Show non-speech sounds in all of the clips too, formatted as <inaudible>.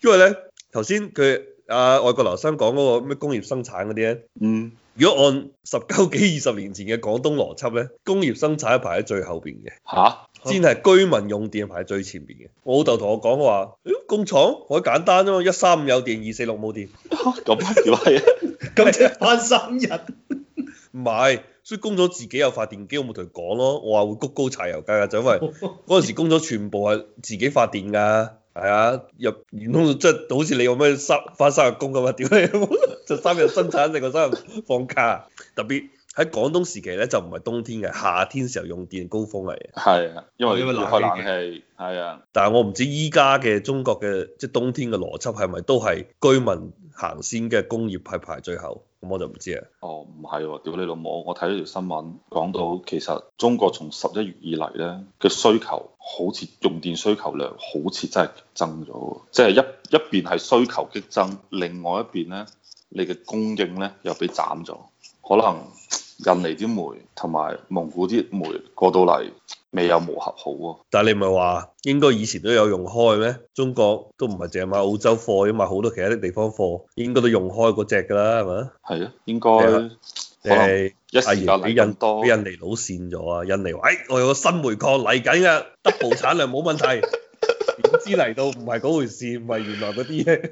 因為咧，頭先佢阿外國留學生講嗰個咩工業生產嗰啲咧，嗯，如果按十九幾二十年前嘅廣東邏輯咧，工業生產排喺最後邊嘅，吓、啊，先係居民用電排喺最前邊嘅。我老豆同我講，我、欸、話，工廠好簡單啊嘛，一三五有電，二四六冇電。咁又係，咁即係翻三日。唔 <laughs> 係，所以工廠自己有發電機，我冇同佢講咯。我話會谷高柴油價，就因為嗰陣時工廠全部係自己發電噶。 <laughs> 係啊，入原本即係好似你有咩三翻三日工噶嘛，點解就三日生產定個三日放假？ <laughs> 特別喺廣東時期咧，就唔係冬天嘅，夏天時候用電高峰嚟嘅。係啊，因為因為開冷氣係啊。但係我唔知依家嘅中國嘅即係冬天嘅邏輯係咪都係居民行先嘅，工業係排，排最後。咁我就唔知啊，哦，唔係喎，屌你老母！我睇咗條新聞，講到其實中國從十一月以嚟咧嘅需求，好似用電需求量好似真係激增咗，即係一一邊係需求激增，另外一邊咧，你嘅供應咧又俾斬咗，可能印尼啲煤同埋蒙古啲煤過到嚟。未有磨合好啊！但係你唔係話應該以前都有用開咩？中國都唔係淨係買澳洲貨，因為買好多其他啲地方貨，應該都用開嗰隻噶啦，係咪？係咯、啊，應該誒，欸、一時間俾印多俾印尼佬線咗啊！印尼話，哎，我有個新煤礦嚟緊啊 double 產量冇問題，點知嚟到唔係嗰回事，唔係原來嗰啲嘢。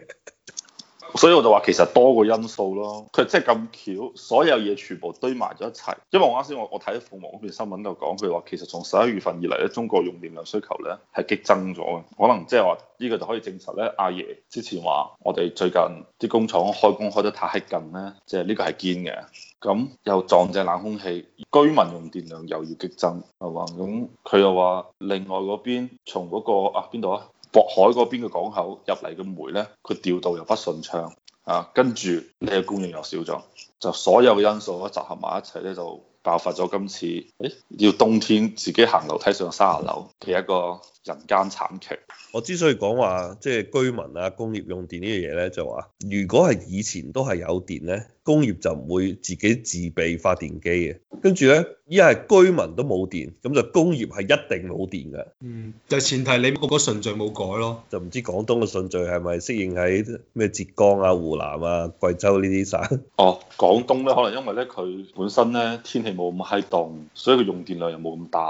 所以我就話其實多個因素咯，佢即係咁巧，所有嘢全部堆埋咗一齊。因為我啱先我我睇鳳凰嗰邊新聞就講，佢話其實從十一月份以嚟咧，中國用電量需求咧係激增咗嘅，可能即係話呢個就可以證實咧，阿爺之前話我哋最近啲工廠開工開得太黑，近咧，即係呢個係堅嘅。咁又撞正冷空氣，居民用電量又要激增，係嘛？咁佢又話另外嗰邊從嗰個啊邊度啊？渤海嗰邊嘅港口入嚟嘅煤咧，佢調度又不順暢啊，跟住呢個供應又少咗，就所有嘅因素咧集合埋一齊咧，就爆發咗今次誒要冬天自己行樓梯上三十樓嘅一個人間慘劇。我之所以講話即係居民啊工業用電呢樣嘢咧，就話如果係以前都係有電咧。工業就唔會自己自備發電機嘅，跟住呢，而家係居民都冇電，咁就工業係一定冇電嘅。嗯，就前提你個嗰順序冇改咯，就唔知廣東嘅順序係咪適應喺咩浙江啊、湖南啊、貴州呢啲省？哦，廣東呢，可能因為呢，佢本身呢天氣冇咁閪凍，所以佢用電量又冇咁大，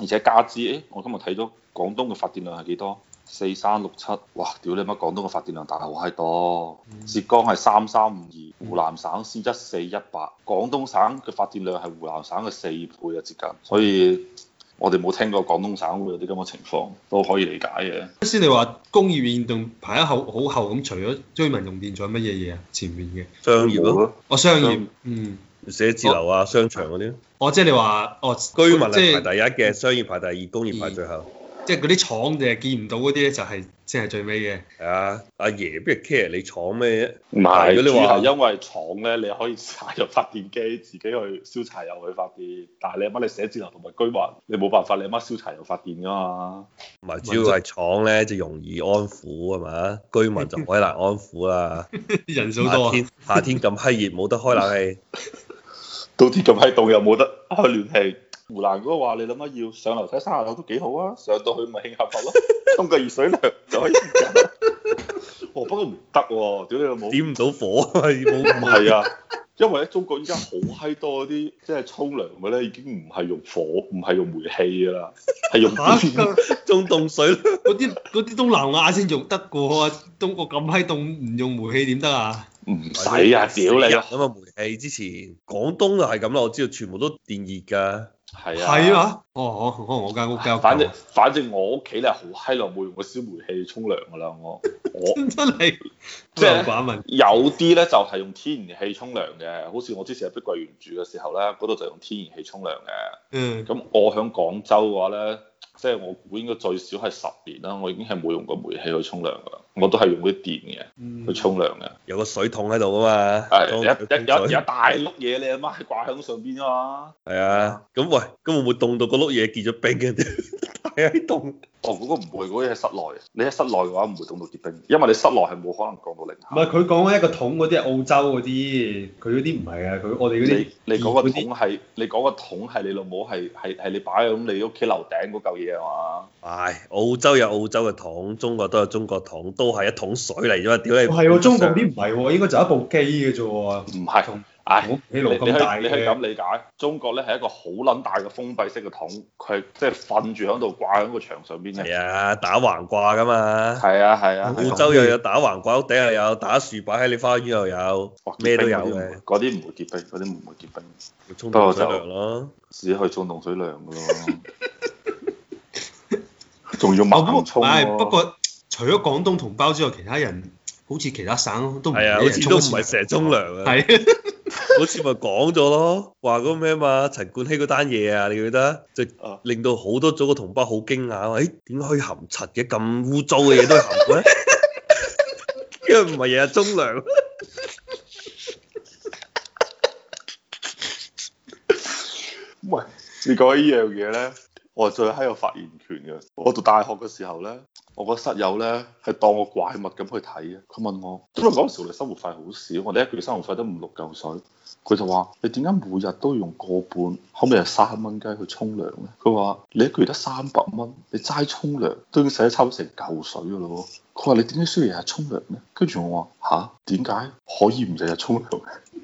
而且加之，誒，我今日睇咗廣東嘅發電量係幾多？四三六七，7, 哇！屌你乜？廣東嘅發電量大好閪多，浙江係三三五二，湖南省先一四一八，廣東省嘅發電量係湖南省嘅四倍啊！接近，所以我哋冇聽過廣東省會有啲咁嘅情況，都可以理解嘅。先你話工業面動排喺後好後咁，除咗居民用電，仲有乜嘢嘢啊？前面嘅商業咯、啊，哦商業，嗯，寫字樓啊、我商場嗰啲。哦，即係你話哦，就是、居民係排第一嘅，嗯就是、商業排第二，工業排最後。即係嗰啲廠就係見唔到嗰啲咧，就係即係最尾嘅。係啊，阿爺不如 care 你廠咩啫？唔係是，主要係因為廠咧，你可以插入發電機，自己去燒柴油去發電。但係你乜你寫字樓同埋居民，你冇辦法，你乜燒柴油發電㗎嘛、啊？唔係，主要係廠咧就容易安撫啊嘛，居民就鬼難安撫啦。 <laughs> 人數很多啊！夏天咁閪 <laughs> 熱，冇得開冷氣； <laughs> 冬天咁閪凍，又冇得開暖氣。湖南嗰個話，你諗下要上樓睇三廿樓都幾好啊！上到去咪興下發咯，沖個熱水涼就可以，啊。哦，不過唔得喎，屌你老母，點唔到火啊！冇，唔係啊，因為咧中國依家好閪多嗰啲即係沖涼嘅咧，已經唔係用火，唔係用煤氣嘅啦，係用吓，用凍、啊、水。嗰啲嗰啲東南亞先用得過，中國咁閪凍，唔用煤氣點得啊？唔使啊！屌你咯咁啊！煤氣之前廣東就係咁啦，我知道全部都電熱㗎，係是啊，哦哦，我間屋間，反正反正我屋企咧好閪耐冇用過燒煤氣沖涼㗎啦， <laughs> 是我我真係即係 <laughs> 有啲咧就係、是、用天然氣沖涼嘅，好似我之前喺碧桂園住嘅時候咧，嗰度就用天然氣沖涼嘅，嗯，咁我響廣州嘅話咧。即係我估應該最少係十年啦，我已經係冇用過煤氣去沖涼噶啦，我都係用啲電嘅、嗯、去沖涼嘅。有個水桶喺度啊嘛，是水水有有有，有大碌嘢你阿媽係掛喺上邊啊嘛。係啊，咁喂，咁會唔會凍到個碌嘢結咗冰嘅？ <laughs> 係喺凍。 <laughs> 哦，如果唔會，嗰啲喺室內。你喺室內嘅話，唔會凍到結冰，因為你室內係冇可能降到零下。唔係，佢講緊一個桶嗰啲係澳洲嗰啲，佢嗰啲唔係啊，佢我哋啲。你講個桶係，些你講個桶係你老母係係係你擺喺咁你屋企樓頂嗰嚿嘢係嘛？唉、哎，澳洲有澳洲嘅桶，中國都有中國桶，都係一桶水嚟啫嘛。屌你。係喎、哦，中國啲唔係喎，應該就係一部機嘅啫喎。唔係。唉，你你、哎、你可以咁理解，中國咧係一個好撚大嘅封閉式嘅桶，佢即係瞓住喺度掛喺個牆上邊嘅。係啊，打橫掛噶嘛。係啊係啊。啊，澳洲又有打橫掛，屋頂又有打樹擺喺你花園又有。哇，咩都有嘅。嗰啲唔會結冰，嗰啲唔會結冰。沖凍 <laughs> 水涼咯，只可以沖凍水涼嘅咯。仲要猛咁沖咯。不過，不過不過除咗廣東同胞之外，其他人好似其他省都係啊，好似都唔係成日沖涼啊。係。好似咪講咗咯，話嗰咩嘛陳冠希嗰單嘢啊，你記得？就令到好多組嘅同胞好驚訝，誒點解可以含柒嘅咁污糟嘅嘢都含到咧？ <laughs> 因為唔係日日沖涼。唔 <laughs> 你講呢樣嘢咧，我係最閪有發言權嘅。我讀大學嘅時候咧。我個室友咧，係當我怪物咁去睇嘅，佢問我，因為嗰陣時我哋生活費好少，我哋一個月生活費得五六嚿水，佢就話，你點解每日都用個半，可唔可以係三蚊雞去沖涼咧？佢話，你一個月得三百蚊，你齋沖涼都已經使咗差唔多成嚿水噶咯，佢話，你點解需要日日沖涼咧？跟住我話吓，點解可以唔日日沖涼嘅？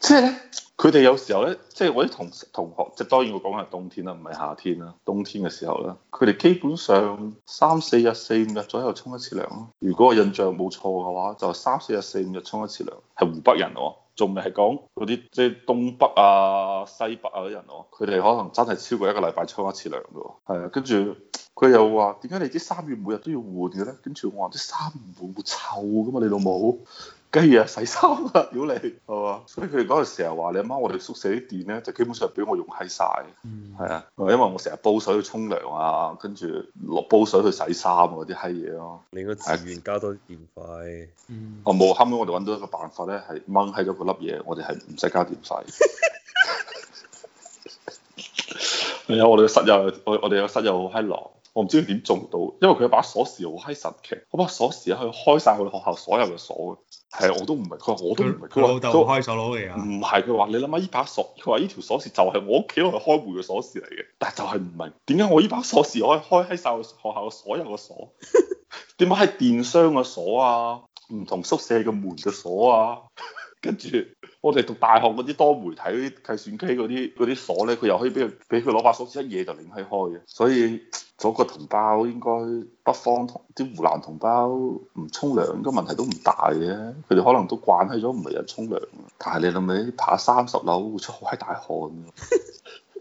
即係咧。佢哋有時候咧，即係我啲同同學，即係當然我講緊係冬天啦，唔係夏天啦。冬天嘅時候咧，佢哋基本上三四日、四五日左右沖一次涼咯。如果我印象冇錯嘅話，就三四日、四五日沖一次涼，係湖北人喎，仲未係講嗰啲即係東北啊、西北啊啲人喎，佢哋可能真係超過一個禮拜沖一次涼嘅喎。係啊，跟住佢又話：點解你啲衫月每日都要換嘅咧？跟住我話：啲衫唔換會臭噶嘛、啊？你老母！跟住啊，洗衫啊，屌你係嘛？所以佢哋嗰陣時候話：你阿媽,媽，我哋宿舍啲電咧，就基本上俾我用嗨晒。」嗯，係啊，因為我成日煲水去沖涼啊，跟住落煲水去洗衫嗰啲嗨嘢咯。啊、你個資源交多電費。嗯。我冇、啊，後尾我哋揾到一個辦法咧，係掹起咗個粒嘢，我哋係唔使交電費。仲有我哋嘅室友，我我哋嘅室友好嗨狼，我唔知佢點做到，因為佢有把鎖匙好嗨神奇，一把鎖匙可以開晒我哋學校所有嘅鎖係我都唔明，佢話我都唔係。佢老豆都開鎖佬嚟啊。唔係，佢話你諗下呢把鎖，佢話呢條鎖匙就係我屋企攞嚟開門嘅鎖匙嚟嘅。但係就係唔明點解我呢把鎖匙可以開喺曬學校嘅所有嘅鎖？點解係電箱嘅鎖啊？唔同宿舍嘅門嘅鎖啊？ <laughs> 跟住我哋讀大學嗰啲多媒體啲計算機嗰啲啲鎖咧，佢又可以俾佢俾佢攞把鎖匙一嘢就擰起開嘅。所以嗰個同胞應該北方同啲湖南同胞唔沖涼，個問題都唔大嘅。佢哋可能都慣起咗唔係人沖涼。但係你諗下，爬三十樓出好閪大汗，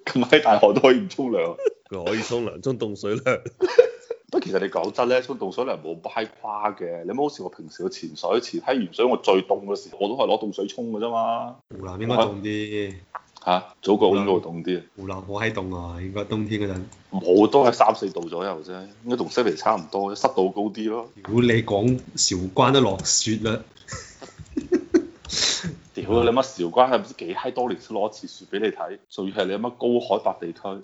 咁閪 <laughs> 大汗都可以唔沖涼，佢 <laughs> <laughs> 可以沖涼，衝凍水咧。 <laughs> 不過其實你講真咧，沖凍水涼係冇擺垮嘅。你有冇好似我平時去潛水，潛喺鹽水，水我，我最凍嘅時候我都係攞凍水沖嘅啫嘛。湖南應該凍啲。嚇？祖國邊個凍啲啊？湖南好閪凍啊，應該冬天嗰陣。冇，都係三四度左右啫，應該同悉尼差唔多，濕度高啲咯。如果你講韶關都落雪啦！ <laughs> <laughs> 屌你乜韶關係唔知幾閪多，多年先攞一次雪俾你睇，仲要係你有乜高海拔地區？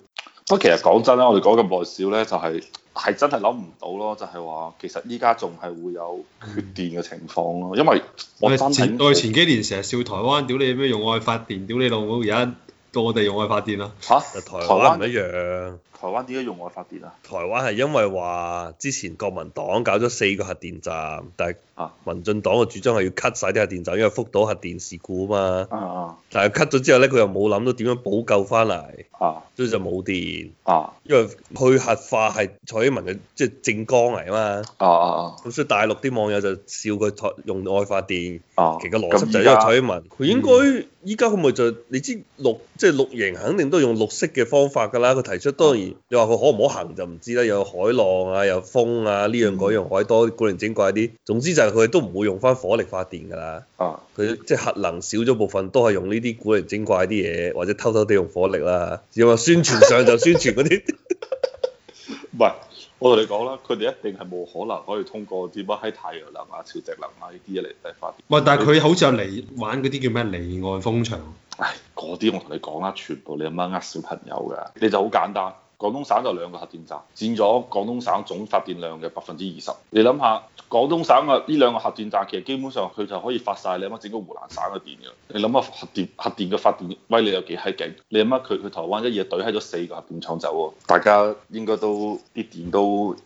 不過其實講真咧，我哋講咁耐少咧，就係、係、係真係諗唔到咯，就係、係、話其實依家仲係會有缺電嘅情況咯，因為我哋前我哋前幾年成日笑台灣，屌你咩用愛發電，屌你老母，而家到我哋用愛發電啦嚇，啊、台灣唔一樣。台灣點解用愛發電啊？台灣係因為話之前國民黨搞咗四個核電站，但係民進黨嘅主張係要 cut 晒啲核電站，因為福島核電事故啊嘛。但係 cut 咗之後咧，佢又冇諗到點樣補救翻嚟。啊，所以就冇電。啊，因為去核化係蔡英文嘅即係政綱嚟啊嘛。啊啊啊！咁所以大陸啲網友就笑佢用愛發電，其實個邏輯就係因為蔡英文，佢應該依家佢咪就，你知綠，即係綠營肯定都用綠色嘅方法㗎啦，佢提出當然。你話佢可唔可行就唔知啦，有海浪啊，有風啊，呢樣嗰樣海多古靈精怪啲，總之就係佢都唔會用翻火力發電噶啦，佢即係核能少咗部分，都係用呢啲古靈精怪啲嘢，或者偷偷哋用火力啦。又話宣傳上就宣傳嗰啲，唔係我同你講啦，佢哋一定係冇可能可以通過只不喺太陽能啊、潮汐能啊呢啲嘢嚟嚟發電。喂，但係佢好似嚟玩嗰啲叫咩離岸風場？唉，嗰啲我同你講啦，全部你阿媽呃小朋友噶，你就好簡單。廣東省就兩個核電站，佔咗廣東省總發電量嘅百分之二十。你諗下，廣東省嘅呢兩個核電站，其實基本上佢就可以發晒。你諗整個湖南省嘅電嘅。你諗下核電核電嘅發電威力有幾閪勁？你諗下佢佢台灣一夜懟喺咗四個核電廠走喎？大家應該都啲電都，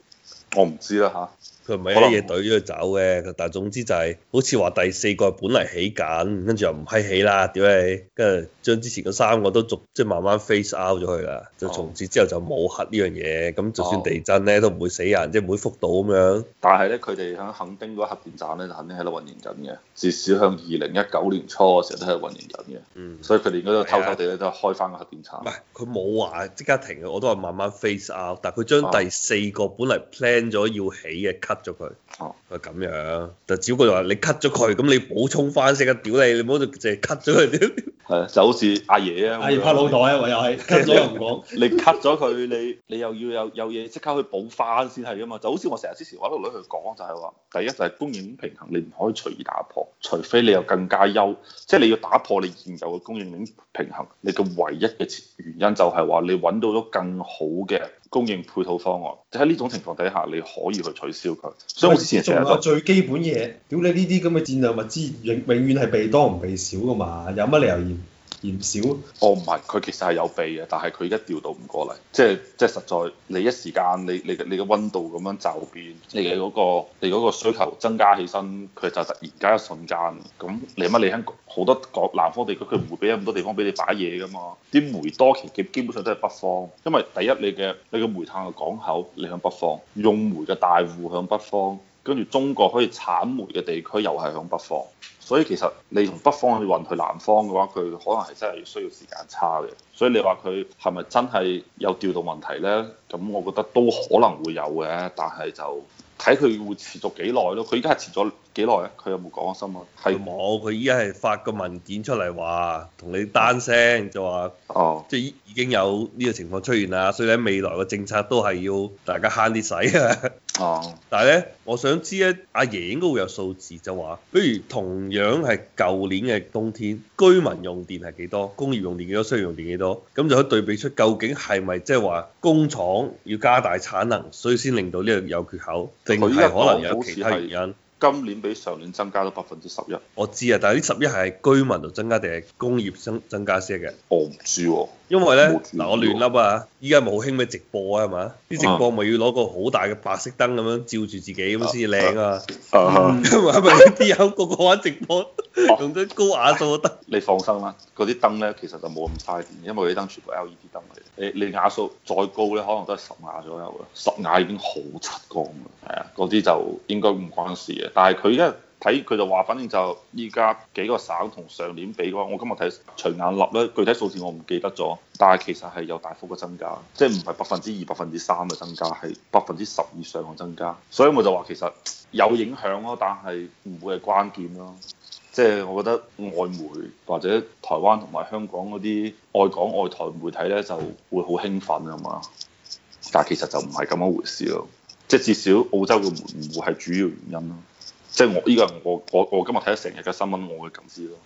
我唔知啦嚇。佢唔係一啲嘢懟咗佢走嘅，但係總之就係、是、好似話第四個本嚟起緊，跟住又唔係起啦，屌你，跟住將之前嗰三個都逐即係慢慢 face out 咗佢啦，就從此之後就冇核呢樣嘢，咁、哦、就算地震咧都唔會死人，哦、即係唔會覆到咁樣。但係咧，佢哋響肯丁嗰個核電站咧，就肯定喺度運營緊嘅，至少向二零一九年初嗰時候都喺度運營緊嘅。嗯，所以佢哋嗰度偷偷地咧是、啊、都開翻個核電站。唔係，佢冇話即刻停，我都話慢慢 face out。但係佢將第四個本嚟 plan 咗要起嘅 cut 咗佢，佢咁、啊、樣、啊，就只小郭就話：你 cut 咗佢，咁你補充翻先啊！屌你，你唔好就淨係 cut 咗佢屌！係 <laughs> 啊，就好似阿爺啊，阿爺拍腦袋啊，我又係 cut 咗又唔講， <laughs> 你 cut 咗佢，你你又要有有嘢即刻去補翻先係噶嘛？就好似我成日之前我阿女去講就係話，第一就係、是、供應平衡，你唔可以隨意打破，除非你有更加優，即、就、係、是、你要打破你現有嘅供應平衡，你嘅唯一嘅原因就係話你揾到咗更好嘅。供應配套方案，就喺呢種情況底下，你可以去取消佢。所以我之前仲話最基本嘢，屌你呢啲咁嘅戰略物資永，永永遠係備多唔備少㗎嘛，有乜理由嫌少？哦，唔係，佢其實係有備嘅，但係佢一調度唔過嚟，即係即係實在你一時間你你你嘅溫度咁樣就變，你嘅、那、嗰個你嗰個需求增加起身，佢就突然間一瞬間，咁你乜你喺好多個南方地區，佢唔會俾咁多地方俾你擺嘢㗎嘛，啲煤多企基本上都係北方，因為第一你嘅你嘅煤炭嘅港口你向北方，用煤嘅大戶向北方，跟住中國可以產煤嘅地區又係向北方。所以其實你從北方去運去南方嘅話，佢可能係真係需要時間差嘅。所以你話佢係咪真係有調度問題呢？咁我覺得都可能會有嘅，但係就睇佢會持續幾耐咯。佢依家係持續幾耐啊？佢有冇講新聞？係冇，佢依家係發個文件出嚟話，同你單聲就話，哦，即係已經有呢個情況出現啦。所以喺未來嘅政策都係要大家慳啲使啊。 <laughs> 哦，嗯、但係咧，我想知咧、啊，阿爺，爺應該會有數字，就話，譬如同樣係舊年嘅冬天，居民用電係幾多，工業用電幾多，商業用電幾多，咁就可以對比出究竟係咪即係話工廠要加大產能，所以先令到呢樣有缺口，定係可能有其他原因？今年比上年增加咗百分之十一。我知啊，但係呢十一係居民度增加定係工業增增加先嘅？我唔知喎。因為咧嗱，我亂笠啊！依家咪好興咩直播啊？係嘛，啲直播咪要攞個好大嘅白色燈咁樣照住自己咁先至靚啊！啊，咪啲、嗯啊、人個個玩直播，用咗、啊、高瓦數嘅燈。你放心啦，嗰啲燈咧其實就冇咁嘥電，因為啲燈全部 LED 燈嚟。誒，你瓦數再高咧，可能都係十瓦左右啦。十瓦已經好出光係啊，嗰啲就應該唔關事嘅。但係佢一。睇佢就話，反正就依家幾個省同上年比嘅話，我今日睇隨眼立咧，具體數字我唔記得咗，但係其實係有大幅嘅增加，即係唔係百分之二、百分之三嘅增加，係百分之十以上嘅增加。所以我就話其實有影響咯，但係唔會係關鍵咯。即係我覺得外媒或者台灣同埋香港嗰啲愛港愛台媒體咧，就會好興奮啊嘛。但係其實就唔係咁一回事咯。即係至少澳洲嘅門戶係主要原因咯。即係我依家，我我我今日睇咗成日嘅新聞，我嘅感知咯。